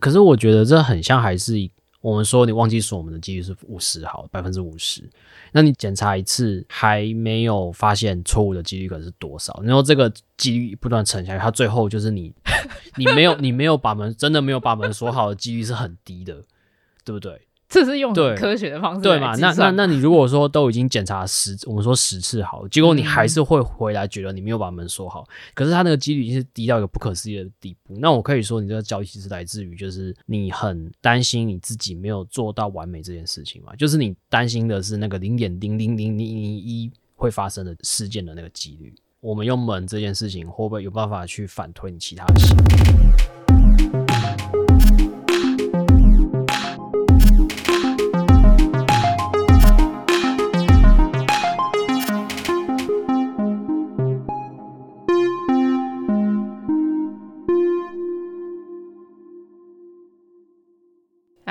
可是我覺得這很像，還是我們說你忘記鎖門的幾率是五十，好，百分之五十，那你檢查一次還沒有發現錯誤的幾率可能是多少？然後這個幾率不斷乘下去，它最後就是你 你沒有你沒有把門真的沒有把門鎖好的幾率是很低的，對不對？這是用科學的方式嗎，對嘛？那那那你如果說都已經檢查十，我們說十次好了，結果你還是會回來覺得你沒有把門鎖好，嗯。可是它那個幾率已經是低到一個不可思議的地步。那我可以說，你這個交易其實是來自於就是你很擔心你自己沒有做到完美這件事情嘛？就是你擔心的是那個零點零零零零零零一會發生的事件的那個幾率。我們用門這件事情，會不會有辦法去反推你其他的事？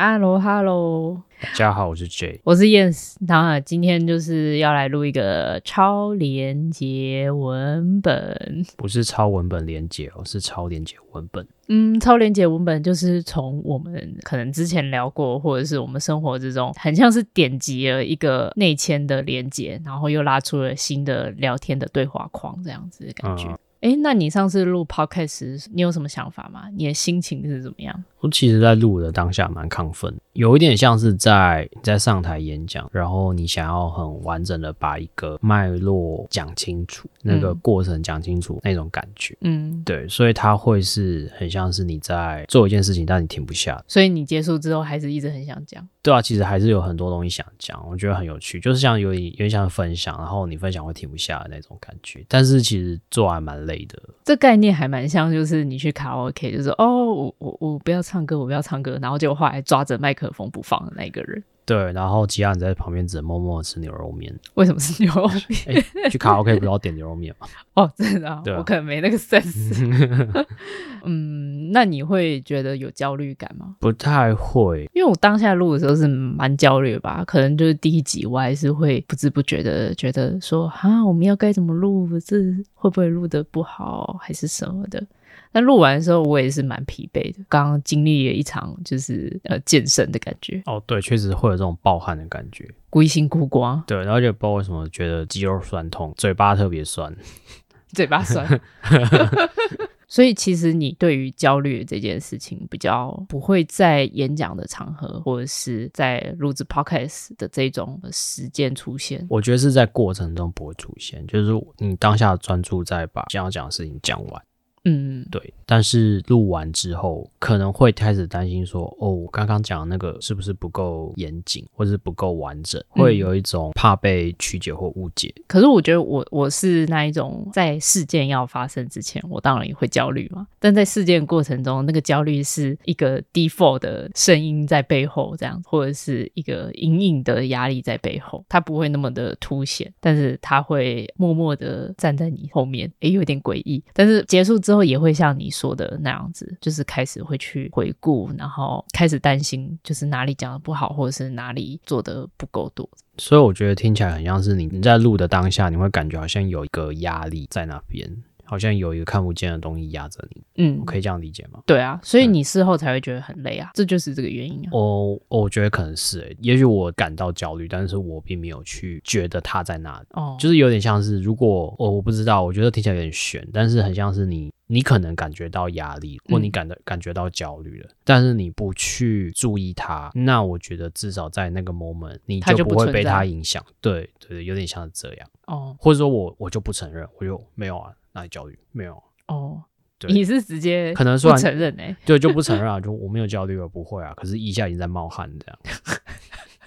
Hello，Hello，hello. 大家好，我是 Jie，我是 Yens，那今天就是要來錄一個超連結文本，不是超文本連結哦，是超連結文本。嗯，超連結文本就是從我們可能之前聊過，或者是我們生活之中，很像是點擊了一個內嵌的連結，然後又拉出了新的聊天的對話框，這樣子的感覺。嗯哎、欸，那你上次錄 podcast 時，你有什麼想法嗎？你的心情是怎麼樣？我其實在錄的當下蠻亢奮的。有一點像是在在上台演講，然後你想要很完整的把一個脈絡講清楚、嗯，那個過程講清楚那種感覺，嗯，對，所以它會是很像是你在做一件事情，但你停不下的。所以你結束之後還是一直很想講，對啊，其實還是有很多東西想講，我覺得很有趣，就是像有一點有點想分享，然後你分享會停不下的那種感覺，但是其實做還蠻累的。這概念還蠻像，就是你去卡拉 OK，就是說哦，我我我不要唱歌，我不要唱歌，然後就後來抓着麥克。風不放的那個人，對，然後其他人在旁邊只默默吃牛肉麵。為什麼吃牛肉麵？欸、去卡拉 OK 不要點牛肉麵嗎？ 哦，真的、啊對啊、我可能沒那個 sense。 嗯，那你會覺得有焦慮感嗎？不太會，因為我當下錄的時候是蠻焦慮的吧，可能就是第一集我還是會不知不覺的覺得說啊，我們要該怎麼錄？這會不會錄得不好，還是什麼的？那錄完的時候，我也是蠻疲憊的。剛剛經歷了一場就是呃健身的感覺哦，對，確實會有這種暴汗的感覺，孤心孤光。對，然後就不知道為什麼覺得肌肉酸痛，嘴巴特別酸，嘴巴酸。 所以其實你對於焦慮這件事情，比較不會在演講的場合，或者是在錄制 podcast 的這種的時間出現。我覺得是在過程中不會出現，就是你當下專注在把想要講的事情講完。嗯，對。但是錄完之後，可能會開始擔心說，哦，我剛剛講的那個是不是不夠嚴謹，或是不夠完整、嗯，會有一種怕被曲解或誤解。可是我覺得我我是那一種，在事件要發生之前，我當然也會焦慮嘛。但在事件過程中，那個焦慮是一個 default 的聲音在背後，這樣或者是一個隱隱的壓力在背後，它不會那麼的凸顯，但是它會默默的站在你後面，哎、欸，有點詭異。但是結束之後。也會像你說的那樣子，就是開始會去回顧，然後開始擔心，就是哪裡講的不好，或者是哪裡做的不夠多。所以我覺得聽起來很像是你你在錄的當下，你會感覺好像有一個壓力在那邊。好像有一個看不見的東西壓着你，嗯，我可以這樣理解嗎？對啊，所以你事後才會覺得很累啊，嗯、這就是這個原因啊。哦、oh, oh,，我覺得可能是、欸，也許我感到焦慮，但是我並沒有去覺得他在那裡，哦、oh.，就是有點像是，如果我、oh, 我不知道，我覺得聽起來有點玄，但是很像是你，你可能感覺到壓力，或你感到感覺到焦慮了、嗯，但是你不去注意它，那我覺得至少在那個 moment，你就不會被它影響。對對對，有點像是這樣哦，oh. 或者說我我就不承認，我就沒有啊。焦慮沒有哦、oh,，對，你是直接可能說不承認哎、欸，就、欸、 就不承認啊，就我沒有焦慮，我不會啊，可是一下已經在冒汗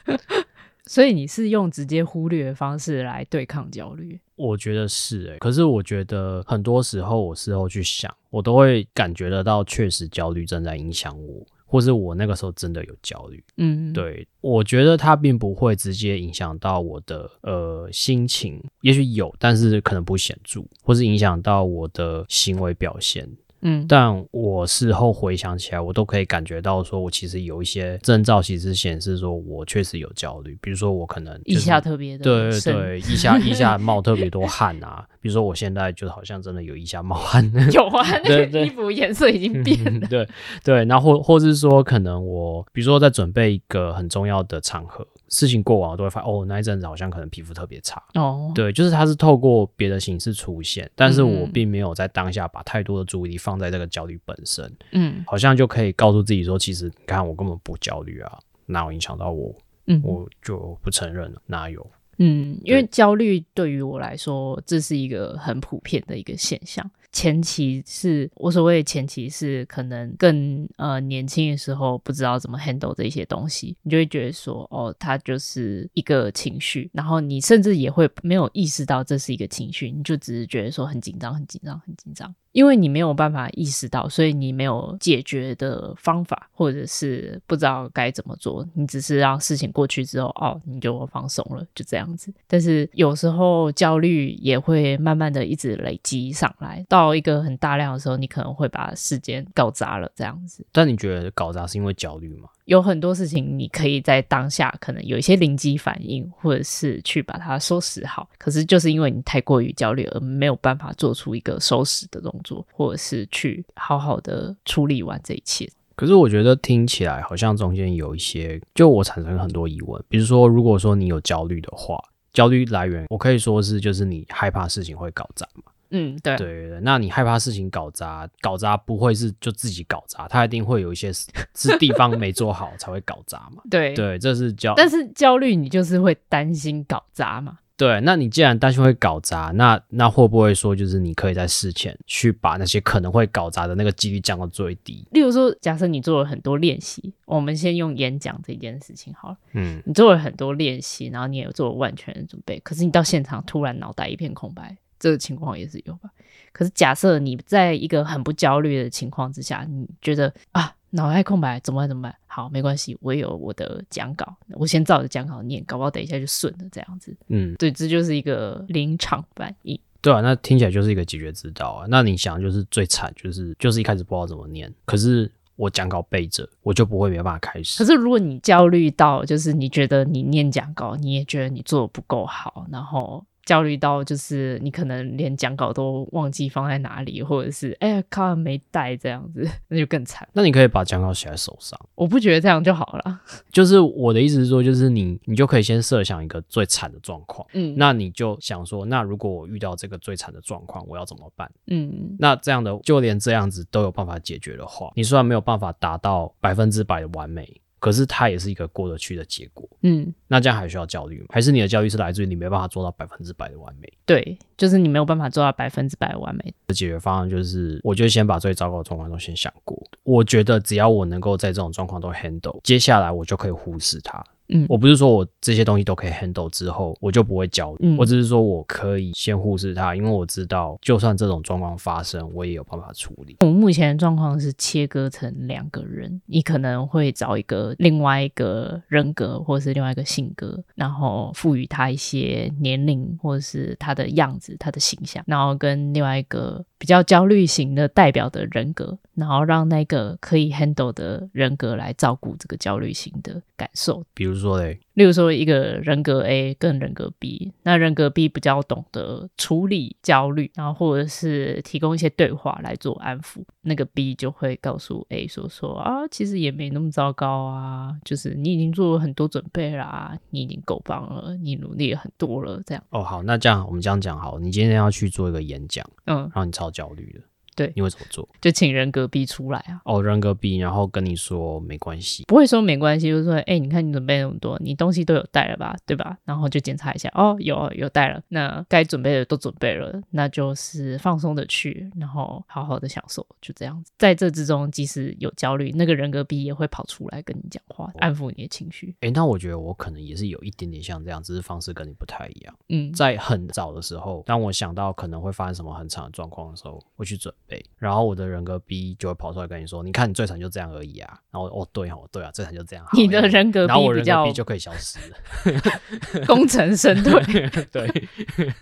這樣， 所以你是用直接忽略的方式來對抗焦慮？我覺得是誒、欸。可是我覺得很多時候我事後去想，我都會感覺得到，確實焦慮正在影響我。或是我那個時候真的有焦慮，嗯，對，我覺得它並不會直接影響到我的呃心情，也許有，但是可能不顯著，或是影響到我的行為表現。嗯，但我事後回想起來，我都可以感覺到，說我其實有一些徵兆，其實顯示說我確實有焦慮。比如說，我可能腋、就是、下特別的對，對對，腋下腋 下冒特別多汗啊。比如說，我現在就好像真的有腋下冒汗，有啊，那 個衣服顏色已經變了。嗯、對對，然後或，或是說，可能我比如說在準備一個很重要的場合，事情過完我都會發哦，那一陣子好像可能皮膚特別差哦。對，就是它是透過別的形式出現，但是我並沒有在當下把太多的注意力放。放在這個焦慮本身，嗯，好像就可以告訴自己說，其實你看我根本不焦慮啊，哪有影響到我？嗯，我就不承認了，啊，哪有？嗯，因為焦慮對於我來說，這是一個很普遍的一個現象。前期是，我所謂的前期是，可能更呃年輕的時候不知道怎麼 handle 這些東西，你就會覺得說，哦，它就是一個情緒，然後你甚至也會沒有意識到這是一個情緒，你就只是覺得說很緊張，很緊張，很緊張，因為你沒有辦法意識到，所以你沒有解決的方法，或者是不知道該怎麼做，你只是讓事情過去之後，哦，你就放鬆了，就這樣子。但是有時候焦慮也會慢慢的一直累積上來到。到一個很大量的時候，你可能會把時間搞砸了，這樣子。但你覺得搞砸是因為焦慮嗎？有很多事情你可以在當下可能有一些靈機反應，或者是去把它收拾好。可是就是因為你太過於焦慮，而沒有辦法做出一個收拾的動作，或者是去好好的處理完這一切。可是我覺得聽起來好像中間有一些，就我產生很多疑問。比如說，如果說你有焦慮的話，焦慮來源，我可以說是就是你害怕事情會搞砸嘛。嗯，對對，那你害怕事情搞砸，搞砸不會是就自己搞砸，他一定會有一些是地方沒做好才會搞砸嘛。 對對，這是焦，但是焦慮你就是會擔心搞砸嘛。對，那你既然擔心會搞砸，那那會不會說就是你可以在事前去把那些可能會搞砸的那個幾率降到最低？例如說，假設你做了很多練習，我們先用演講這件事情好了。嗯，你做了很多練習，然後你也做了萬全的準備，可是你到現場突然腦袋一片空白。這個情況也是有吧。可是假設你在一個很不焦慮的情況之下，你覺得啊，腦袋空白，怎麼辦？怎麼辦？好，沒關係，我也有我的講稿，我先照着講稿念，搞不好等一下就順了這樣子。嗯，對，這就是一個臨場反應。對啊，那聽起來就是一個解決之道啊。那你想，就是最慘就是就是一開始不知道怎麼念，可是我講稿背着，我就不會沒辦法開始。可是如果你焦慮到就是你覺得你念講稿，你也覺得你做的不夠好，然後。焦慮到就是你可能連講稿都忘記放在哪裡，或者是哎卡沒帶這樣子，那就更慘。那你可以把講稿寫在手上，我不覺得這樣就好了。就是我的意思是說，就是你你就可以先設想一個最慘的狀況，嗯，那你就想說，那如果我遇到這個最慘的狀況，我要怎麼辦？嗯，那這樣的就連這樣子都有辦法解決的話，你雖然沒有辦法達到百分之百的完美。可是它也是一個過得去的結果，嗯，那這樣還需要焦慮嗎？還是你的焦慮是來自於你沒辦法做到百分之百的完美？對，就是你沒有辦法做到百分之百的完美的解決方案，就是我就先把最糟糕的狀況都先想過，我覺得只要我能夠在這種狀況都 handle，接下來我就可以忽視它。嗯，我不是說我這些東西都可以 handle 之後，我就不會焦慮，我、嗯、只是說我可以先忽視它，因為我知道就算這種狀況發生，我也有辦法處理。我目前的狀況是切割成兩個人，你可能會找一個另外一個人格，或是另外一個性格，然後賦予他一些年齡或是他的樣子、他的形象，然後跟另外一個比較焦慮型的代表的人格，然後讓那個可以 handle 的人格來照顧這個焦慮型的感受，比如。說嘞，例如說一個人格 A 跟人格 B，那人格 B 比較懂得處理焦慮，然後或者是提供一些對話來做安撫，那個 B 就會告訴 A 說，說啊，其實也沒那麼糟糕啊，就是你已經做了很多準備啦，你已經夠棒了，你努力很多了，這樣。哦，好，那這樣我們這樣講好，你今天要去做一個演講，嗯，讓你超焦慮的。嗯對，你會怎麼做？就請人格 B 出來啊？哦，人格 B，然後跟你說沒關係，不會說沒關係，就是說，哎，你看你準備那麼多，你東西都有帶了吧？對吧？然後就檢查一下，哦，有有帶了，那該準備的都準備了，那就是放鬆的去，然後好好的享受，就這樣子。在這之中，即使有焦慮，那個人格 B 也會跑出來跟你講話，哦、安撫你的情緒。哎，那我覺得我可能也是有一點點像這樣，只是方式跟你不太一樣。嗯，在很早的時候，當我想到可能會發生什麼很慘的狀況的時候，會去準。對，然後我的人格 B 就會跑出來跟你說：“你看你最慘就這樣而已啊。”然後哦對哦、啊、對啊，最慘就這樣。你的人格 B 就可以消失了，功成身退。對。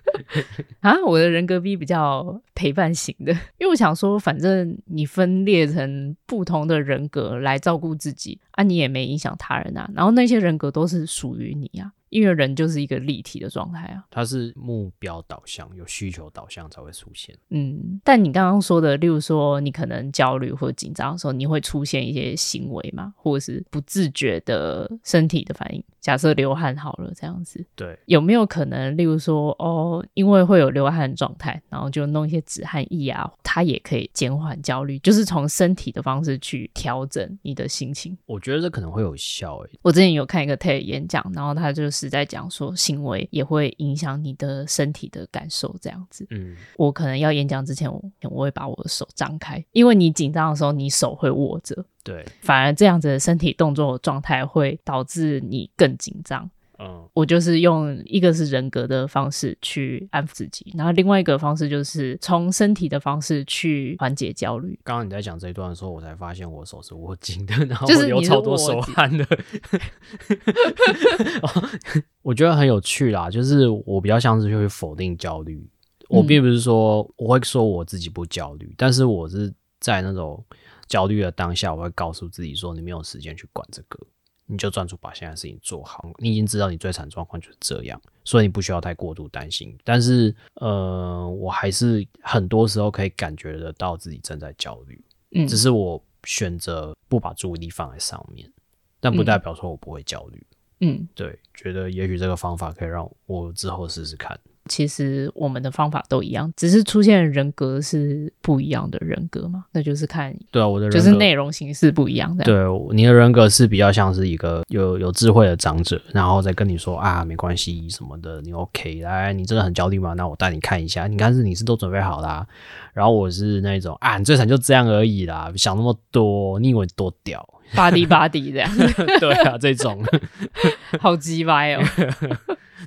啊，我的人格 B 比較陪伴型的，因為我想說，反正你分裂成不同的人格來照顧自己啊，你也沒影響他人啊。然後那些人格都是屬於你啊。因為人就是一個立體的狀態啊，它是目標導向，有需求導向才會出現。嗯，但你剛剛說的，例如說你可能焦慮或緊張的時候，你會出現一些行為嘛，或者是不自覺的身體的反應？假設流汗好了這樣子，對，有沒有可能，例如說，哦，因為會有流汗狀態，然後就弄一些止汗液啊，它也可以減緩焦慮，就是從身體的方式去調整你的心情。我覺得這可能會有效誒、欸。我之前有看一個 TED 演講，然後他就是在講說，行為也會影響你的身體的感受這樣子。嗯，我可能要演講之前，我我會把我的手張開，因為你緊張的時候，你手會握着。對，反而這樣子的身體動作狀態會導致你更緊張。嗯，我就是用一個是人格的方式去安撫自己，然後另外一個方式就是從身體的方式去緩解焦慮。剛剛你在講這一段的時候，我才發現我手是握緊的，然後我有超多手汗的。就是、是我， 我覺得很有趣啦，就是我比較像是會否定焦慮。我並不是說我會說我自己不焦慮、嗯，但是我是在那種。焦慮的當下，我會告訴自己說：“你沒有時間去管這個，你就專注把現在事情做好。你已經知道你最慘狀況就是這樣，所以你不需要太過度擔心。”但是，呃，我還是很多時候可以感覺得到自己正在焦慮，嗯，只是我選擇不把注意力放在上面，但不代表說我不會焦慮。嗯，嗯，對，覺得也許這個方法可以讓我之後試試看。其實我們的方法都一樣，只是出現人格是不一樣的人格嘛，那就是看對、啊、我的人格，就是內容形式不一樣。對，對，你的人格是比較像是一個有有智慧的長者，然後再跟你說啊，沒關係什麼的，你 OK，來，你真的很焦慮嗎？那我帶你看一下，你看是你是都準備好啦、啊。然後我是那種啊，你最慘就這樣而已啦，想那麼多，你以為多屌，巴迪巴迪這樣， 對啊，這種 好雞掰白哦。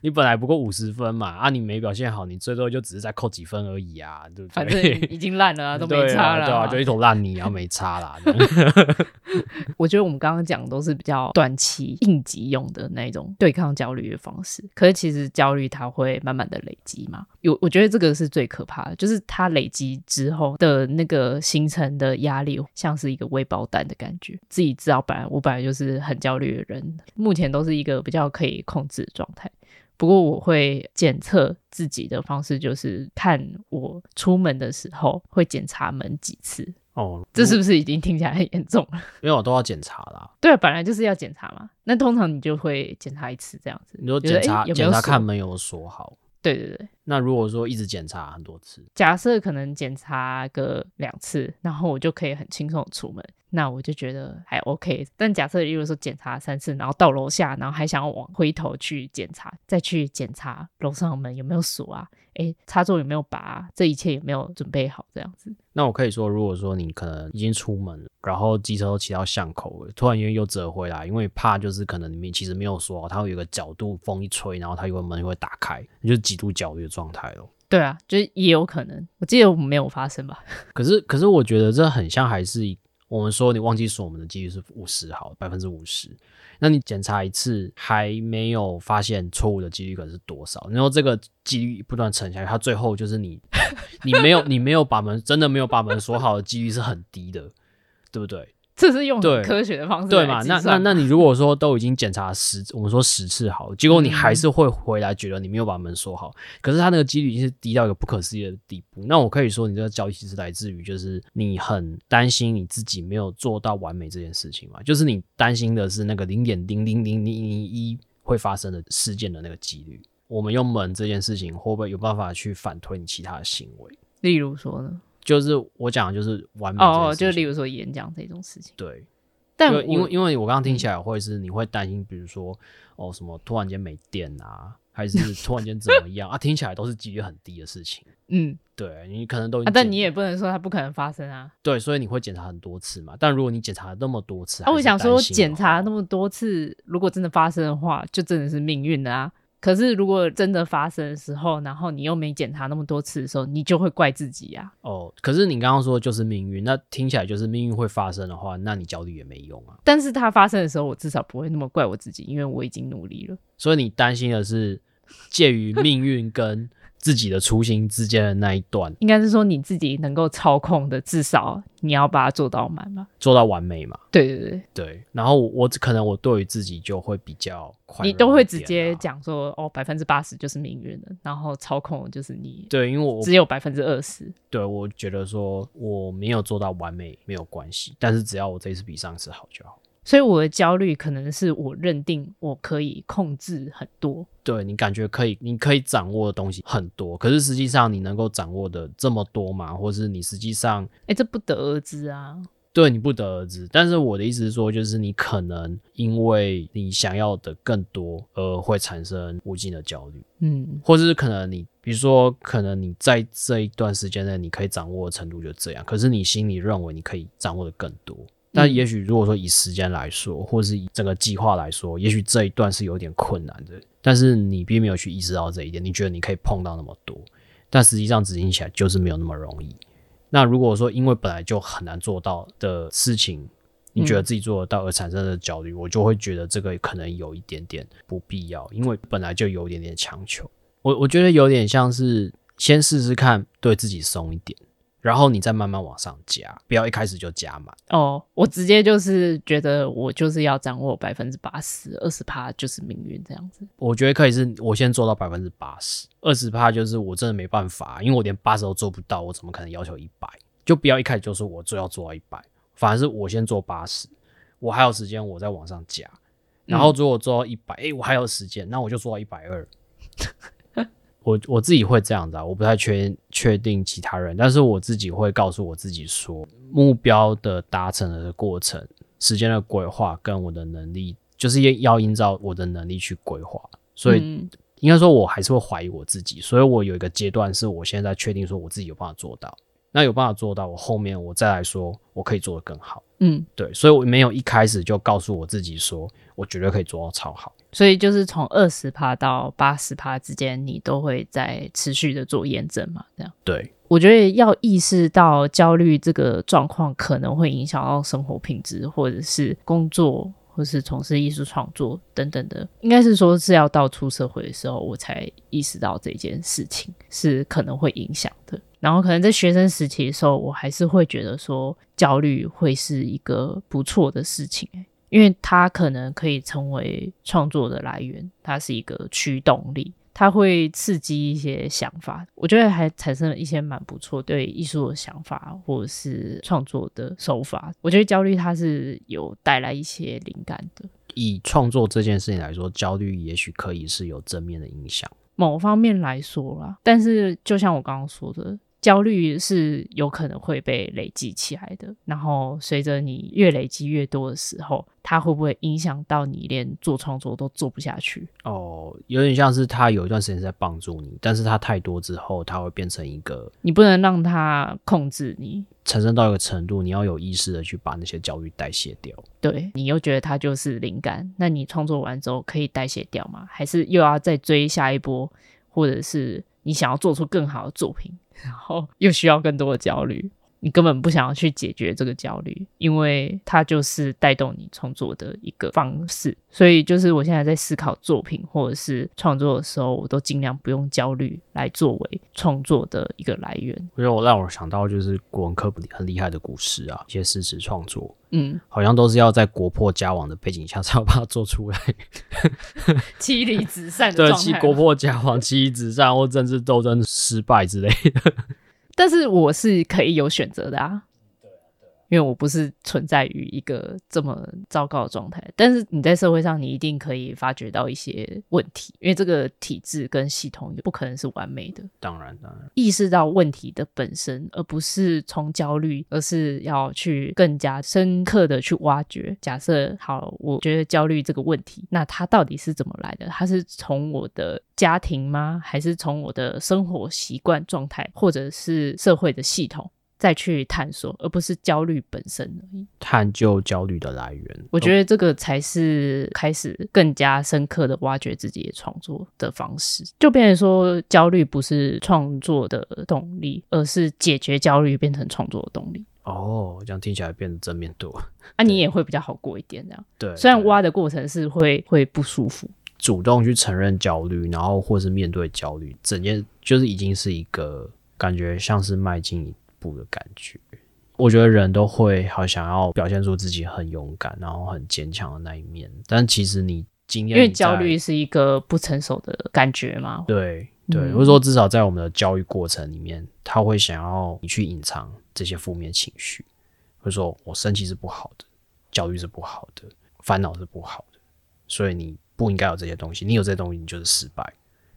你本來不過五十分嘛，啊，你沒表現好，你最多就只是再扣幾分而已啊，對不對？反、啊、正已經爛了、啊，都沒差了、啊，對啊，就一頭爛泥，然後沒差啦。 對 我覺得我們剛剛講都是比較短期應急用的那種對抗焦慮的方式，可是其實焦慮它會慢慢的累積嘛，有，我覺得這個是最可怕的，就是它累積之後的那個形成的壓力，像是一個未爆彈的感覺。自己知道，本來我本來就是很焦慮的人，目前都是一個比較可以控制的狀態。不過我會檢測自己的方式，就是看我出門的時候會檢查門幾次。哦，這是不是已經聽起來很嚴重了？因為我都要檢查啦。對啊，本來就是要檢查嘛。那通常你就會檢查一次這樣子。你就檢查、就是，檢查看門有鎖好。對對對。那如果說一直檢查很多次，假設可能檢查個兩次，然後我就可以很輕鬆的出門，那我就覺得還 OK。但假設如果說檢查三次，然後到樓下，然後還想要往回頭去檢查，再去檢查樓上的門有沒有鎖啊，哎，欸，插座有沒有拔啊，這一切有沒有準備好這樣子？那我可以說，如果說你可能已經出門了，然後機車都騎到巷口了，突然間又折回來，因為怕就是可能裡面其實沒有鎖，它會有個角度，風一吹，然後它有個門又會打開，你就極度焦慮。狀態咯，對啊，就是也有可能，我記得我沒有發生吧。可是，可是我覺得這很像，還是我們說你忘記鎖門的幾率是五十好，百分之五十，那你檢查一次還沒有發現錯誤的幾率可是多少？然後這個幾率不斷乘下去，它最後就是你， 你沒有，你沒有把門真的沒有把門鎖好的幾率是很低的， 對不對？這是用科學的方式，對嘛？那 那那，那你如果說都已經檢查十，我們說十次好了，結果你還是會回來覺得你沒有把門鎖好。嗯，可是它那個幾率已經是低到一個不可思議的地步。那我可以說，你這個焦慮其實來自於就是你很擔心你自己沒有做到完美這件事情嘛，就是你擔心的是那個零點零零零零零零一會發生的事件的那個幾率。我們用門這件事情會不會有辦法去反推你其他的行為？例如說呢？就是我講的就是完美事情哦，哦，就例如說演講這種事情。對，但因為因為我剛剛聽起來會是你會擔心，比如說、嗯、哦什麼突然間沒電啊，還是突然間怎麼樣 啊？聽起來都是幾率很低的事情。嗯，對你可能都、啊，但你也不能說它不可能發生啊。對，所以你會檢查很多次嘛？但如果你檢查了那麼多次、啊，我想說檢查那麼多次，如果真的發生的話，就真的是命運的啊。可是，如果真的發生的時候，然後你又沒檢查那麼多次的時候，你就會怪自己啊。哦，可是你剛剛說就是命運，那聽起來就是命運會發生的話，那你焦慮也沒用啊。但是它發生的時候，我至少不會那麼怪我自己，因為我已經努力了。所以你擔心的是介於命運跟。 自己的初心之間，的那一段，應該是說你自己能夠操控的，至少你要把它做到滿吧。做到完美嘛。對對對對。然後我，我可能我對於自己就會比較快樂一點、啊、你都會直接講說哦，百分之八十就是命運了，然後操控就是你。對，因為我只有百分之二十。對，我覺得說我沒有做到完美沒有關係，但是只要我這次比上次好就好。所以我的焦慮可能是我認定我可以控制很多對。對，你感覺可以，你可以掌握的東西很多，可是實際上你能夠掌握的這麼多嘛？或者是你實際上，哎、欸，這不得而知啊。對，你不得而知，但是我的意思是說，就是你可能因為你想要的更多，而會產生無盡的焦慮。嗯，或者是可能你，比如說，可能你在這一段時間內你可以掌握的程度就這樣，可是你心裡認為你可以掌握的更多。那也許，如果說以時間來說，或是以整個計劃來說，也許這一段是有點困難的。但是你並沒有去意識到這一點，你覺得你可以碰到那麼多，但實際上執行起來就是沒有那麼容易。那如果說，因為本來就很難做到的事情，你覺得自己做得到而產生的焦慮、嗯，我就會覺得這個可能有一點點不必要，因為本來就有一點點強求。我我覺得有點像是先試試看，對自己鬆一點。然後你再慢慢往上加，不要一開始就加滿。哦，我直接就是覺得我就是要掌握百分之八十，二十趴就是命運這樣子。我覺得可以是，我先做到百分之八十，二十趴就是我真的沒辦法，因為我連八十都做不到，我怎麼可能要求一百？就不要一開始就說我就要做到一百，反而是我先做八十，我還有時間，我再往上加。然後如果我做到一百、嗯，誒，我還有時間，那我就做到一百二。 我我自己會這樣子啊，我不太確確定其他人，但是我自己會告訴我自己說，目標的達成的過程、時間的規劃跟我的能力，就是要要依照我的能力去規劃。所以、嗯、應該說，我還是會懷疑我自己。所以我有一個階段是我現在確定說我自己有辦法做到，那有辦法做到，我後面我再來說我可以做得更好。嗯，對，所以我沒有一開始就告訴我自己說我絕對可以做到超好。所以就是從二十趴到八十趴之間，你都會在持續的做驗證嘛？這樣。對，我覺得要意識到焦慮這個狀況可能會影響到生活品質，或者是工作，或是從事藝術創作等等的。應該是說是要到出社會的時候，我才意識到這件事情是可能會影響的。然後可能在學生時期的時候，我還是會覺得說焦慮會是一個不錯的事情。因為它可能可以成為創作的來源，它是一個驅動力，它會刺激一些想法。我覺得還產生了一些蠻不錯對藝術的想法，或者是創作的手法。我覺得焦慮它是有帶來一些靈感的。以創作這件事情來說，焦慮也許可以是有正面的影響。某方面來說啦、啊。但是就像我剛剛說的。焦慮是有可能會被累積起來的，然後隨着你越累積越多的時候，它會不會影響到你連做創作都做不下去？哦，有點像是它有一段時間在幫助你，但是它太多之後，它會變成一個，你不能讓它控制你，產生到一個程度，你要有意識的去把那些焦慮代謝掉。對，你又覺得它就是靈感，那你創作完之後可以代謝掉嗎？還是又要再追下一波，或者是？你想要做出更好的作品，然後又需要更多的焦慮。你根本不想要去解決這個焦慮，因為它就是帶動你創作的一個方式。所以，就是我現在在思考作品或者是創作的時候，我都盡量不用焦慮來作為創作的一個來源。我覺得我讓我想到就是國文課本裡很厲害的古詩啊，一些詩詞創作，嗯，好像都是要在國破家亡的背景下才要把它做出來， 妻離子散的狀態，對，妻國破家亡，妻離子散，或政治鬥爭失敗之類的。 但是我是可以有選擇的啊。因為我不是存在於一個這麼糟糕的狀態，但是你在社會上，你一定可以發掘到一些問題，因為這個體制跟系統不可能是完美的。當然，當然，意識到問題的本身，而不是從焦慮，而是要去更加深刻的去挖掘。假設好，我覺得焦慮這個問題，那它到底是怎麼來的？它是從我的家庭嗎？還是從我的生活習慣狀態，或者是社會的系統？再去探索，而不是焦慮本身而已。探究焦慮的來源，我覺得這個才是開始更加深刻的挖掘自己的創作的方式。就變成說，焦慮不是創作的動力，而是解決焦慮變成創作的動力。哦，這樣聽起來變得正面多，那、啊、你也會比較好過一點。這樣對，雖然挖的過程是會對對對會不舒服，主動去承認焦慮，然後或是面對焦慮，整件就是已經是一個感覺像是邁進。不的感覺，我覺得人都會好想要表現出自己很勇敢，然後很堅強的那一面。但其實你經驗，因為焦慮是一個不成熟的感覺嘛？對對，或、嗯、者說至少在我們的教育過程裡面，他會想要你去隱藏這些負面情緒，會說我生氣是不好的，焦慮是不好的，煩惱是不好的，所以你不應該有這些東西。你有這些東西，你就是失敗。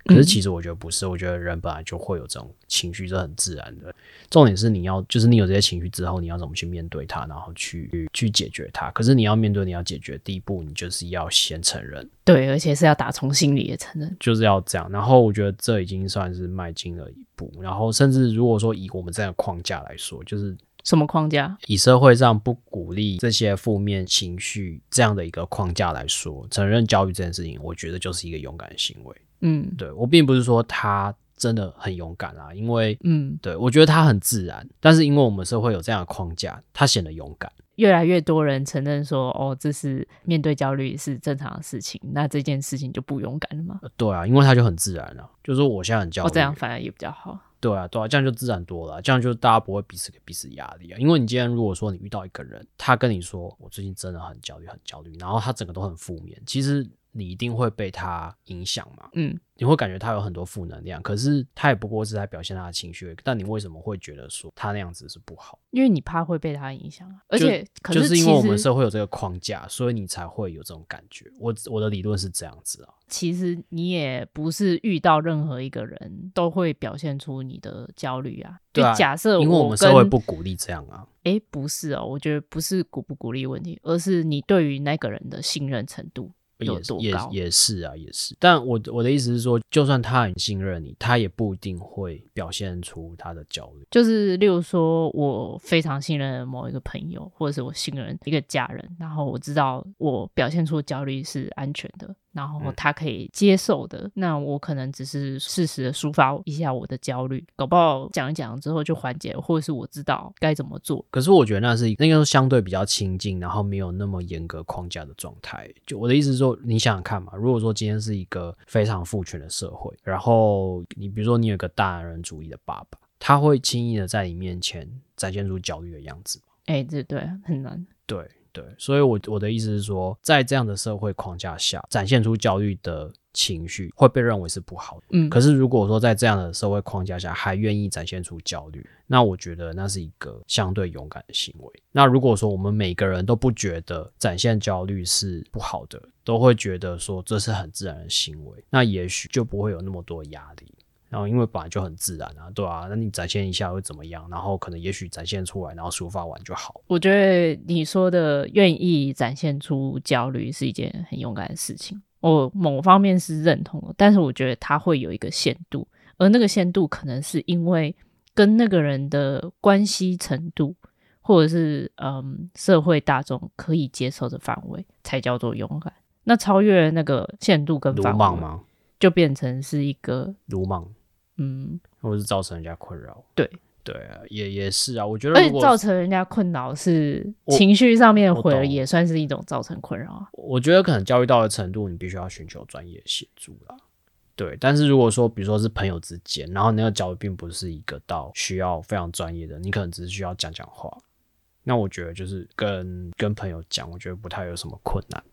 可是其實我覺得不是、嗯，我覺得人本來就會有這種情緒，是很自然的。重點是你要，就是你有這些情緒之後，你要怎麼去面對它，然後去去解決它。可是你要面對、你要解決的第一步，你就是要先承認。對，而且是要打從心裡的承認，就是要這樣。然後我覺得這已經算是邁進了一步。然後甚至如果說以我們這樣的框架來說，就是什麼框架？以社會上不鼓勵這些負面情緒這樣的一個框架來說，承認焦慮這件事情，我覺得就是一個勇敢的行為。嗯，對，我並不是說他真的很勇敢啊，因為，嗯，對，我覺得他很自然，但是因為我們社會有這樣的框架，他顯得勇敢。越來越多人承認說，哦，這是面對焦慮是正常的事情，那這件事情就不勇敢了嗎？呃、對啊，因為他就很自然了，啊，就是說我現在很焦慮，哦，這樣反而也比較好。對啊，對啊，這樣就自然多了，啊，這樣就大家不會彼此給彼此壓力啊。因為你今天如果說你遇到一個人，他跟你說我最近真的很焦慮，很焦慮，然後他整個都很負面，其實。你一定會被他影響嘛？嗯，你會感覺他有很多負能量，可是他也不過是在表現他的情緒。但你為什麼會覺得說他那樣子是不好？因為你怕會被他影響啊。而且，可能就是因為我們社會有這個框架，所以你才會有這種感覺。我我的理論是這樣子啊。其實你也不是遇到任何一個人都會表現出你的焦慮啊，對啊。就假設，因為我們社會不鼓勵這樣啊。誒、欸，不是哦，我覺得不是鼓不鼓勵問題，而是你對於那個人的信任程度。也也也是啊，也是。但我我的意思是說，就算他很信任你，他也不一定會表現出他的焦慮。就是，例如說我非常信任某一個朋友，或者是我信任一個家人，然後我知道我表現出焦慮是安全的。然後他可以接受的，嗯，那我可能只是適時的抒發一下我的焦慮，搞不好講一講之後就緩解，或者是我知道該怎麼做。可是我覺得那是那個相對比較親近，然後沒有那麼嚴格框架的狀態。就我的意思是說，你想想看嘛，如果說今天是一個非常父權的社會，然後你比如說你有一個大男人主義的爸爸，他會輕易的在你面前展現出焦慮的樣子嗎？哎，對對很難。對。對，所以我我的意思是說，在這樣的社會框架下，展現出焦慮的情緒會被認為是不好的。嗯，可是如果說在這樣的社會框架下還願意展現出焦慮，那我覺得那是一個相對勇敢的行為。那如果說我們每個人都不覺得展現焦慮是不好的，都會覺得說這是很自然的行為，那也許就不會有那麼多壓力。然後，因為本來就很自然啊，對啊，那你展現一下會怎麼樣？然後可能也許展現出來，然後抒發完就好。我覺得你說的願意展現出焦慮是一件很勇敢的事情。我某方面是認同的，但是我覺得它會有一個限度，而那個限度可能是因為跟那個人的關係程度，或者是嗯社會大眾可以接受的範圍，才叫做勇敢。那超越那個限度跟範圍，就變成是一個魯莽。嗯，或者是造成人家困擾，對對啊，也也是啊，我覺得，而且造成人家困擾是情緒上面毀了，也算是一種造成困擾。我覺得可能焦慮到的程度，你必須要尋求專業協助啦。對，但是如果說，比如說是朋友之間，然後那個焦慮並不是一個到需要非常專業的，你可能只是需要講講話。那我覺得就是跟跟朋友講，我覺得不太有什麼困難。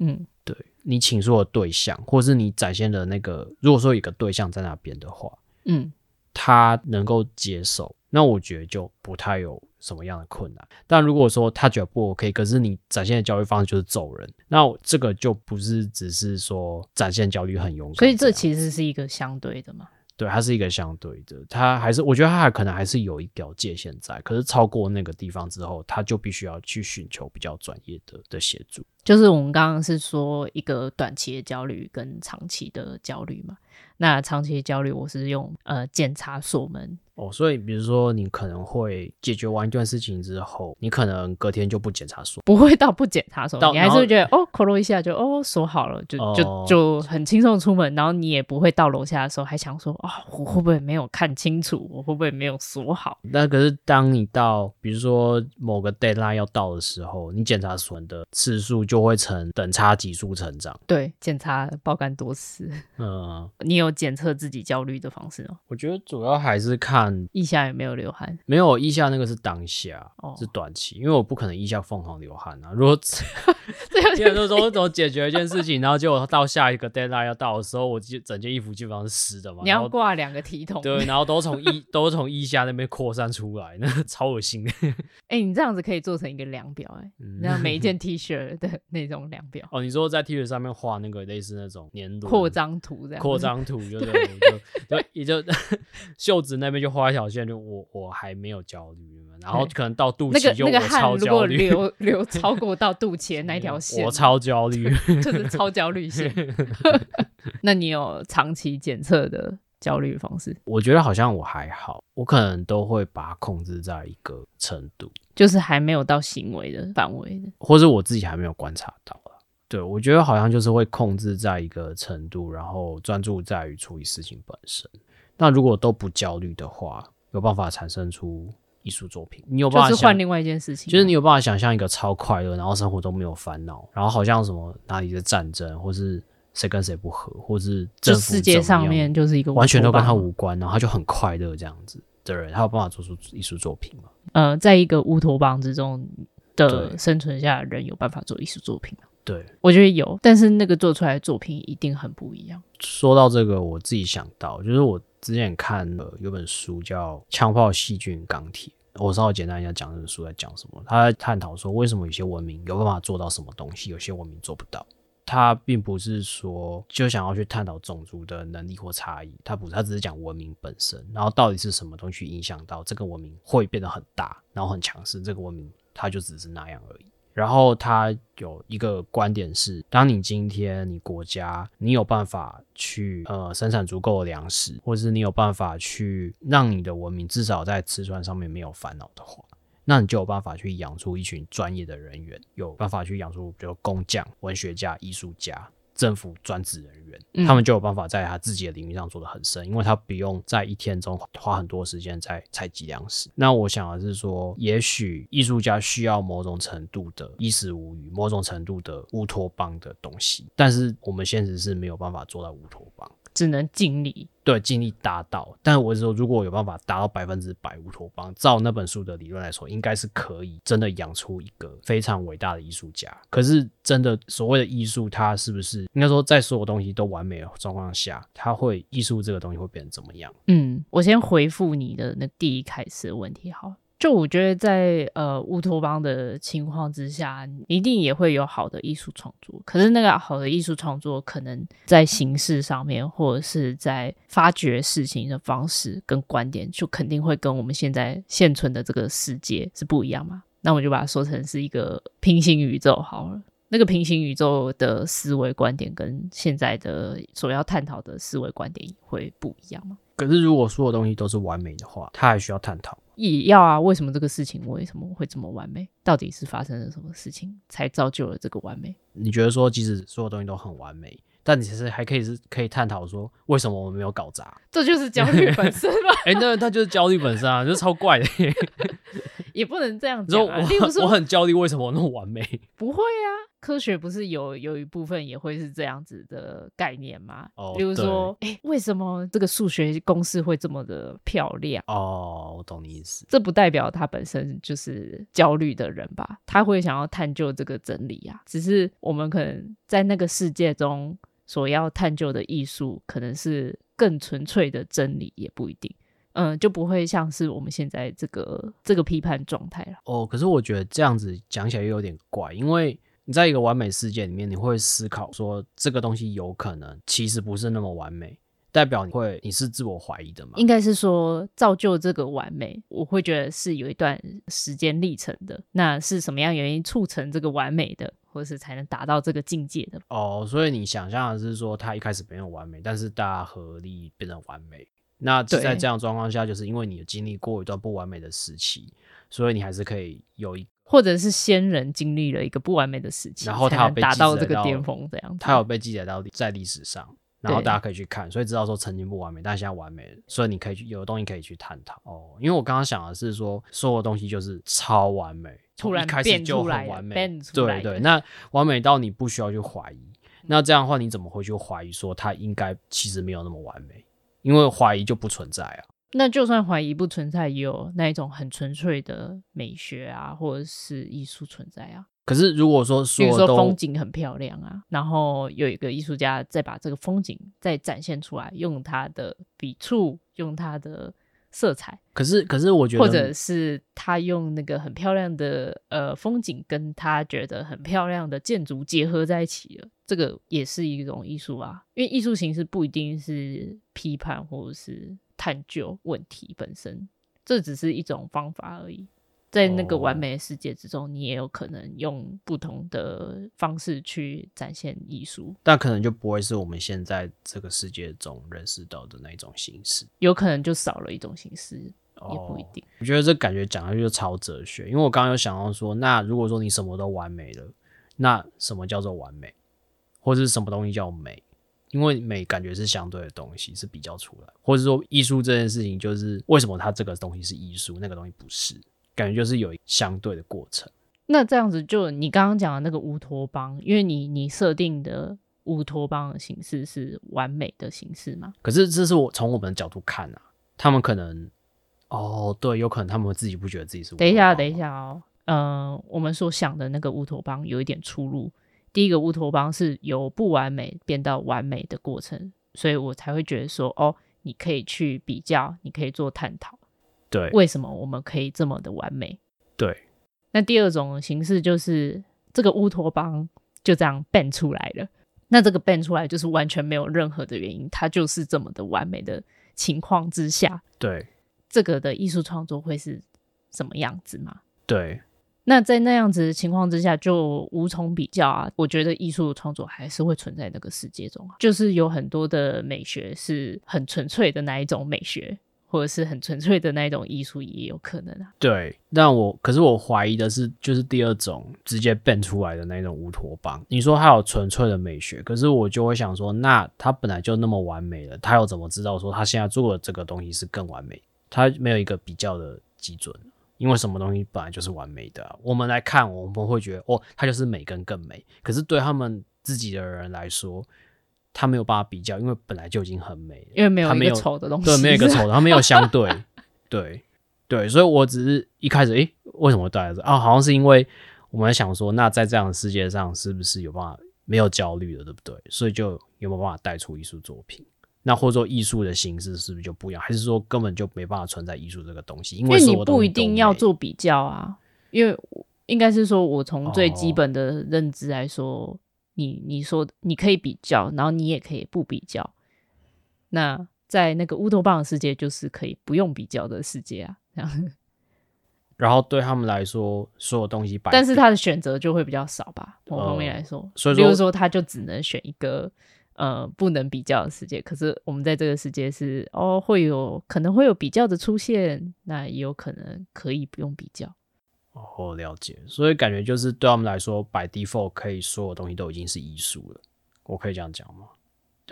嗯，對你傾訴的對象，或是你展現的那個，如果說有一個對象在那邊的話。嗯，他能夠接受，那我覺得就不太有什麼樣的困難。但如果說他覺得不 OK，可是你展現的教育方式就是走人，那這個就不是只是說展現焦慮很勇敢。所以這其實是一個相對的嘛。對，它是一個相對的，它還是我覺得它還可能還是有一條界限在，可是超過那個地方之後，他就必須要去尋求比較專業的的協助。就是我們剛剛是說一個短期的焦慮跟長期的焦慮嘛，那長期的焦慮我是用呃檢查鎖門。哦，所以比如說你可能會解決完一段事情之後，你可能隔天就不檢查鎖，不會到不檢查鎖，你還是會覺得哦，扣落一下就哦鎖好了，就、哦、就就很輕鬆出門，然後你也不會到樓下的時候還想說啊、哦，我會不會沒有看清楚，我會不會沒有鎖好？那可是當你到比如說某個 deadline 要到的時候，你檢查鎖的次數就會成等差級數成長，對，檢查爆肝多次。嗯、啊，你有檢測自己焦慮的方式嗎？我覺得主要還是看。腋下也沒有流汗，沒有腋下那個是當下、哦，是短期，因為我不可能腋下瘋狂流汗啊。如果今 天、啊、果說怎怎麼解決一件事情，然後結果到下一個 deadline 要到的時候，我就整件衣服基本上是濕的嘛，你要掛兩個提桶。對，然後都從衣都從腋下那邊擴散出來，那個、超惡心的。哎、 欸，你這樣子可以做成一個量表、欸，哎、嗯，然後每一件 T 恤的那種量表、嗯。哦，你說在 T 恤上面畫那個類似那種年輪擴張圖，這樣擴張圖就 就，就就就也就 袖子那邊就畫。畫一條線，就我我還沒有焦慮，然後可能到肚臍，那個那個、汗如果流流超過到肚臍的那一條線， 我超焦慮， 就是超焦慮線。 那你有長期檢測的焦慮方式？我覺得好像我還好，我可能都會把它控制在一個程度，就是還沒有到行為的範圍，或者我自己還沒有觀察到。對，我覺得好像就是會控制在一個程度，然後專注在於處理事情本身。那如果都不焦慮的話，有辦法產生出藝術作品？你有辦法想、就是、換另外一件事情，就是你有辦法想象一個超快樂，然後生活中沒有煩惱，然後好像什麼哪裡的戰爭，或是誰跟誰不合，或是這世界上面就是一個完全都跟他無關，然後他就很快樂這樣子的人，他有辦法做出藝術作品嗎？呃，在一個烏托邦之中的生存下，人有辦法做藝術作品嗎？對。對，我覺得有，但是那個做出來的作品一定很不一樣。說到這個，我自己想到就是我。之前看了有本書叫《槍炮、細菌、鋼鐵》，我稍微簡單一下講這本書在講什麼。他在探討說為什麼有些文明有辦法做到什麼東西，有些文明做不到。他並不是說就想要去探討種族的能力或差異，他不，他只是講文明本身，然後到底是什麼東西影響到這個文明會變得很大，然後很強勢。這個文明它就只是那樣而已。然後他有一個觀點是：當你今天你國家你有辦法去呃生產足夠的糧食，或者是你有辦法去讓你的文明至少在吃穿上面沒有煩惱的話，那你就有辦法去養出一群專業的人員，有辦法去養出比如工匠、文學家、藝術家。政府專職人員，他們就有辦法在他自己的領域上做得很深，因為他不用在一天中花很多時間在採集糧食。那我想的是說，也許藝術家需要某種程度的衣食無虞，某種程度的烏托邦的東西，但是我們現實是沒有辦法做到烏托邦。只能盡力，對，盡力達到。但我是說，如果有辦法達到百分之百烏托邦，照那本書的理論來說，應該是可以真的養出一個非常偉大的藝術家。可是真的所謂的藝術，它是不是應該說，在所有東西都完美的狀況下，它會藝術這個東西會變成怎麼樣？嗯，我先回復你的那第一開始的問題好了。就我覺得在，在呃烏托邦的情況之下，一定也會有好的藝術創作。可是那個好的藝術創作，可能在形式上面，或者是在發掘事情的方式跟觀點，就肯定會跟我們現在現存的這個世界是不一樣嘛。那我就把它說成是一個平行宇宙好了。那個平行宇宙的思維觀點，跟現在的所要探討的思維觀點會不一樣可是，如果所有東西都是完美的話，他還需要探討嗎？也要啊！為什麼這個事情為什麼會這麼完美？到底是發生了什麼事情才造就了這個完美？你覺得說，即使所有東西都很完美，但你其實還可以是可以探討說，為什麼我們沒有搞砸？這就是焦慮本身嘛？誒、 欸，那他就是焦慮本身啊，就 超怪的耶。也不能這樣子啊，說我說我很焦慮，為什麼我那麼完美？不會啊。科學不是有有一部分也會是這樣子的概念嗎？oh, 比如說，欸，為什麼這個數學公式會這麼的漂亮？哦，我懂你意思。這不代表他本身就是焦慮的人吧？他會想要探究這個真理啊。嗯。只是我們可能在那個世界中所要探究的藝術，可能是更純粹的真理，也不一定。嗯，就不會像是我們現在這個這個批判狀態了。哦，可是我覺得這樣子講起來又有點怪，因為。你在一個完美世界裡面，你會思考說這個東西有可能其實不是那麼完美，代表你會你是自我懷疑的嗎？應該是說造就這個完美，我會覺得是有一段時間歷程的。那是什麼樣原因促成這個完美的，或者是才能達到這個境界的？哦，所以你想象的是說他一開始沒有完美，但是大家合力變成完美。那在這樣狀況下，就是因為你有經歷過一段不完美的時期，所以你還是可以有一。或者是先人經歷了一個不完美的時期，然後他有被記載到達到這個巔峰，這樣子他有被記載到在歷史上，然後大家可以去看，所以知道說曾經不完美，但現在完美了，所以你可以去有的東西可以去探討哦。因為我剛剛想的是說，所有東西就是超完美，突然從一開始就很完美，對對，那完美到你不需要去懷疑，那這樣的話你怎麼會去懷疑說他應該其實沒有那麼完美？因為懷疑就不存在啊。那就算懷疑不存在，也有那一種很純粹的美學啊，或者是藝術存在啊。可是如果說說，比如說風景很漂亮啊，然後有一個藝術家再把這個風景再展現出來，用他的筆觸，用他的。色彩，可是可是我覺得，或者是他用那個很漂亮的呃風景，跟他覺得很漂亮的建築結合在一起了，這個也是一種藝術啊。因為藝術形式不一定是批判或者是探究問題本身，這只是一種方法而已。在那個完美的世界之中，oh, 你也有可能用不同的方式去展現藝術，但可能就不會是我們現在這個世界中認識到的那種形式，有可能就少了一種形式，oh, 也不一定。我覺得這感覺講下去就超哲學，因為我剛剛有想到說，那如果說你什麼都完美了，那什麼叫做完美，或者是什麼東西叫美？因為美感覺是相對的東西，是比較出來，或者說藝術這件事情，就是為什麼它這個東西是藝術，那個東西不是？感覺就是有相對的過程。那這樣子，就你剛剛講的那個烏托邦，因為你你設定的烏托邦的形式是完美的形式嘛。可是這是我從我們的角度看啊，他們可能哦，對，有可能他們自己不覺得自己是烏托邦。等一下，等一下哦，呃，我們所想的那個烏托邦有一點出入。第一個烏托邦是由不完美變到完美的過程，所以我才會覺得說，哦，你可以去比較，你可以做探討。對，為什麼我們可以這麼的完美？對，那第二種形式就是這個烏托邦就這樣變出來了。那這個變出來就是完全沒有任何的原因，它就是這麼的完美的情況之下。對，這個的藝術創作會是什麼樣子嗎？對，那在那樣子的情況之下就無從比較啊。我覺得藝術創作還是會存在那個世界中啊，就是有很多的美學是很純粹的那一種美學。或者是很純粹的那一種藝術也有可能啊。對，那我可是我懷疑的是，就是第二種直接變出來的那一種烏托邦。你說他有純粹的美學，可是我就會想說，那他本來就那麼完美了，他又怎麼知道說他現在做的這個東西是更完美？他沒有一個比較的基準，因為什麼東西本來就是完美的啊。我們來看，我們會覺得哦，他就是美跟更美。可是對他們自己的人來說，他沒有辦法比較，因為本來就已經很美了，因為沒有沒有醜的東西，對，沒有一個醜的，他沒有相對， 對，對，所以，我只是一開始，誒、欸，為什麼會帶來說啊？好像是因為我們想說，那在這樣的世界上，是不是有辦法沒有焦慮了，對不對？所以就有沒有辦法帶出藝術作品？那或者說藝術的形式是不是就不一樣？還是說根本就沒辦法存在藝術這個東西因、欸？因為你不一定要做比較啊，因為應該是說我從最基本的認知來說。哦你你說你可以比較，然後你也可以不比較。那在那個烏托邦的世界，就是可以不用比較的世界啊。這樣子。然後對他們來說，所有東西擺，但是他的選擇就會比較少吧？某方面來說，呃、所以說，說他就只能選一個呃不能比較的世界。可是我們在這個世界是哦，會有可能會有比較的出現，那也有可能可以不用比較。或了解，所以感覺就是對他們來說，by default 可以所有的東西都已經是藝術了。我可以這樣講嗎？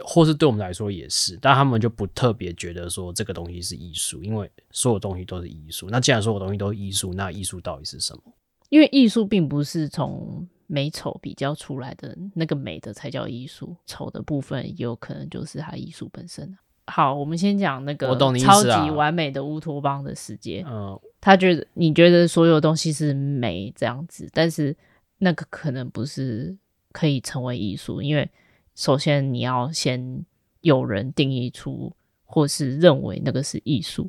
或是對我們來說也是，但他們就不特別覺得說這個東西是藝術，因為所有東西都是藝術。那既然所有東西都是藝術，那藝術到底是什麼？因為藝術並不是從美醜比較出來的，那個美的才叫藝術，醜的部分也有可能就是它藝術本身。好，我們先講那個超級完美的烏托邦的世界。嗯、我懂你意思啊。呃他覺得，你覺得所有東西是美這樣子，但是那個可能不是可以成為藝術，因為首先你要先有人定義出或是認為那個是藝術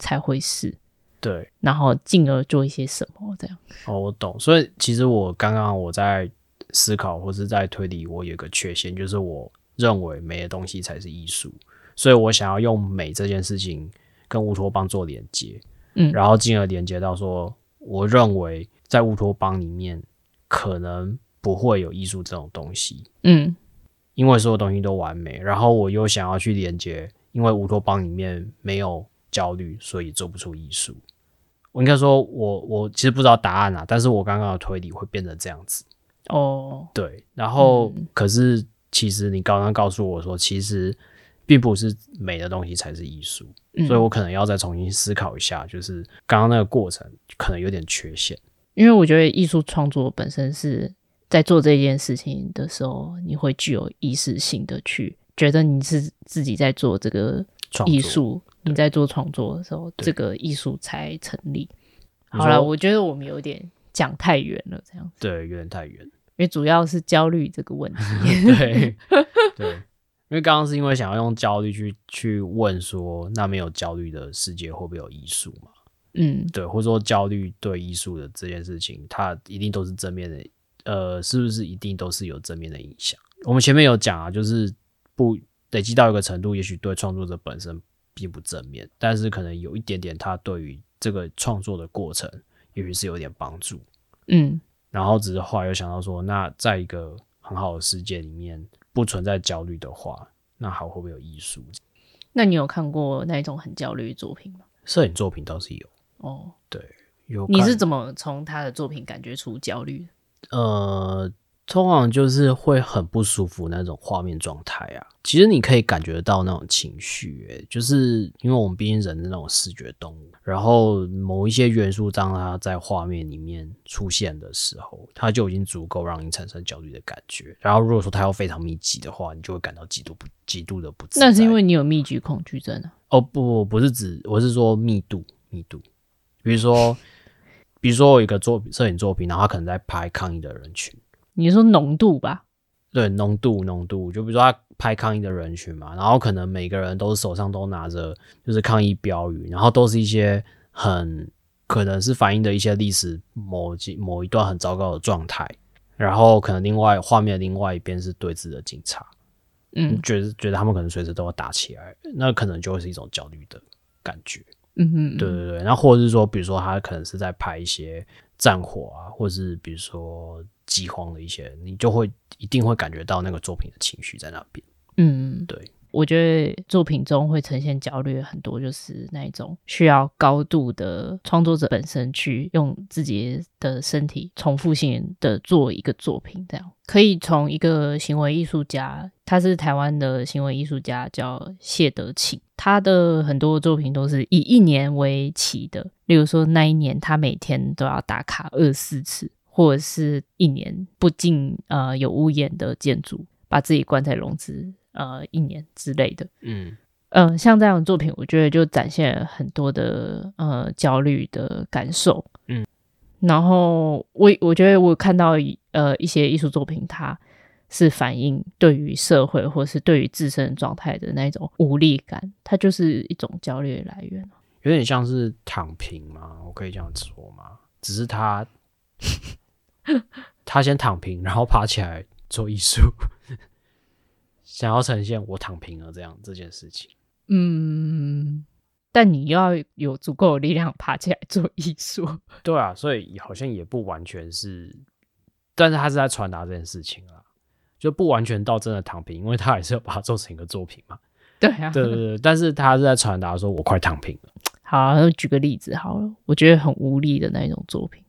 才會是，對，然後進而做一些什麼這樣。哦，我懂。所以其實我剛剛我在思考或是在推理，我有個缺陷，就是我認為美的東西才是藝術，所以我想要用美這件事情跟烏托邦做連接。然後進而連接到說，我認為在烏托邦裡面可能不會有藝術這種東西，嗯，因為所有東西都完美。然後我又想要去連接，因為烏托邦裡面沒有焦慮，所以做不出藝術。我應該說我我其實不知道答案啊，但是我剛剛的推理會變成這樣子。哦，對，然後可是其實你剛剛告訴我說，其實。並不是美的東西才是藝術。嗯，所以我可能要再重新思考一下，就是剛剛那個過程可能有點缺陷，因為我覺得藝術創作本身是在做這件事情的時候，你會具有意識性的去覺得你是自己在做這個藝術，你在做創作的時候，這個藝術才成立。好了，我覺得我們有點講太遠了，這樣子對。有點太遠，因為主要是焦慮這個問題。 對。對 因為剛剛是因為想要用焦慮去去問說，那沒有焦慮的世界會不會有藝術嘛？嗯，對，或者說焦慮對藝術的這件事情，它一定都是正面的，呃，是不是一定都是有正面的影響？我們前面有講啊，就是不累積到一個程度，也許對創作者本身並不正面，但是可能有一點點它對於這個創作的過程，也許是有點幫助。嗯，然後只是後來又想到說，那在一個很好的世界裡面。不存在焦慮的話，那還會不會有藝術？那你有看過那種很焦慮的作品嗎？攝影作品倒是有哦，對，有。你是怎麼從他的作品感覺出焦慮的？呃。通常就是會很不舒服那種畫面狀態啊，其實你可以感覺得到那種情緒，欸，就是因為我們畢竟人是那種視覺動物，然後某一些元素當它在畫面裡面出現的時候，它就已經足夠讓你產生焦慮的感覺。然後如果說它要非常密集的話，你就會感到極度不，極度的不自在。那是因為你有密集恐懼症啊？哦，不，不，不，不是指，我是說密度密度，比如說 比如說我一個作品，攝影作品，然後他可能在拍抗議的人群。你說濃度吧，對濃度，濃度就比如說他拍抗議的人群嘛，然後可能每個人都是手上都拿着就是抗議標語，然後都是一些很可能是反映的一些歷史某幾某一段很糟糕的狀態，然後可能另外畫面另外一邊是對峙的警察，嗯，覺得覺得他們可能隨時都會打起來，那可能就會是一種焦慮的感覺，嗯哼嗯，對對對，那或者是說，比如說他可能是在拍一些戰火啊，或者是比如說。飢荒的一些，你就會一定會感覺到那個作品的情緒在那邊。嗯，對，我覺得作品中會呈現焦慮很多，就是那一種需要高度的創作者本身去用自己的身體重複性的做一個作品，這樣可以從一個行為藝術家，他是台灣的行為藝術家，叫謝德慶，他的很多的作品都是以一年為期的，例如說那一年他每天都要打卡二十四次。或者是一年不進呃有屋檐的建築，把自己關在籠子呃一年之類的，嗯嗯、呃，像這樣的作品，我覺得就展現了很多的呃焦慮的感受，嗯，然後我我覺得我看到呃一些藝術作品，它是反映對於社會或是對於自身狀態的那種無力感，它就是一種焦慮的來源，有點像是躺平嗎？我可以這樣子說嗎？只是他。 他先躺平，然後爬起來做藝術， 想要呈現我躺平了這樣這件事情。嗯，但你要有足夠的力量爬起來做藝術。對啊，所以好像也不完全是，但是他是在傳達這件事情啊，就不完全到真的躺平，因為他還是要把它做成一個作品嘛。對啊，對對對，但是他是在傳達說我快躺平了。好啊，舉個例子好了，我覺得很無力的那種作品。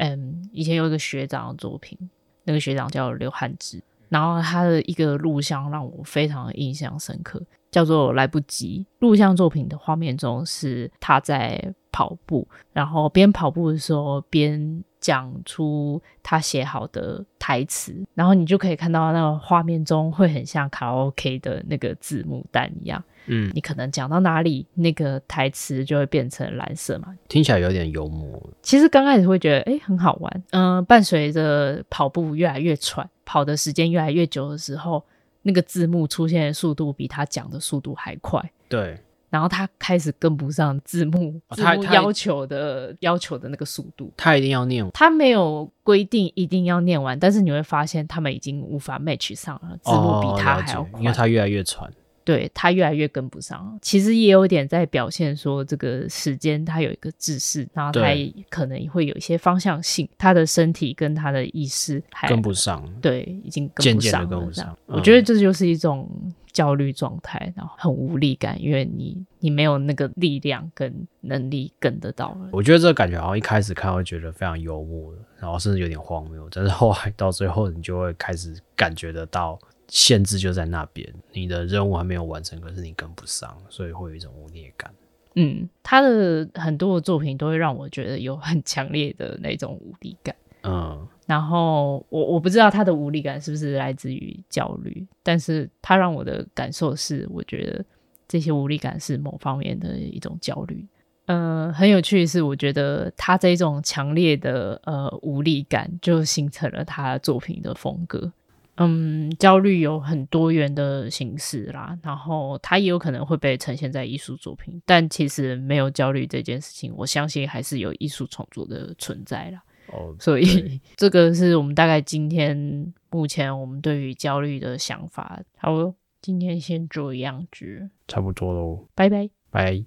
嗯，以前有一個學長的作品，那個學長叫劉漢志，然後他的一個錄像讓我非常的印象深刻，叫做《來不及》。錄像作品的畫面中是他在跑步，然後邊跑步的時候邊講出他寫好的台詞，然後你就可以看到那個畫面中會很像卡拉 OK 的那個字幕彈一樣。嗯，你可能講到哪裡，那個台詞就會變成藍色嘛。聽起來有點幽默。其實剛開始會覺得，哎、欸，很好玩。嗯，伴隨着跑步越來越喘，跑的時間越來越久的時候，那個字幕出現的速度比他講的速度還快。對。然後他開始跟不上字幕，字幕要求的、哦、要求的要求的那個速度。他一定要念。他沒有規定一定要念完，但是你會發現他們已經無法 match 上了。字幕比他還要快。哦，因為他越來越喘。對，他越來越跟不上了，其實也有點在表現說，這個時間他有一個制式，然後他也可能會有一些方向性，他的身體跟他的意識還跟不上，對，已經跟不上了，漸漸的跟不上、嗯。我覺得這就是一種焦慮狀態，然後很無力感，因為你你沒有那個力量跟能力跟得到。我覺得這個感覺好像一開始看會覺得非常幽默，然後甚至有點荒謬，但是後來到最後你就會開始感覺得到。限制就在那邊，你的任務還沒有完成，可是你跟不上，所以會有一種無力感。嗯，他的很多的作品都會讓我覺得有很強烈的那種無力感。嗯，然後我我不知道他的無力感是不是來自於焦慮，但是他讓我的感受是，我覺得這些無力感是某方面的一種焦慮。嗯、呃，很有趣的是，我覺得他這一種強烈的呃無力感就形成了他作品的風格。嗯，焦慮有很多元的形式啦，然後它也有可能會被呈現在藝術作品，但其實沒有焦慮這件事情，我相信還是有藝術創作的存在啦。哦，所以這個是我們大概今天目前我們對於焦慮的想法。好，今天先這樣子，差不多嘍。拜拜，拜。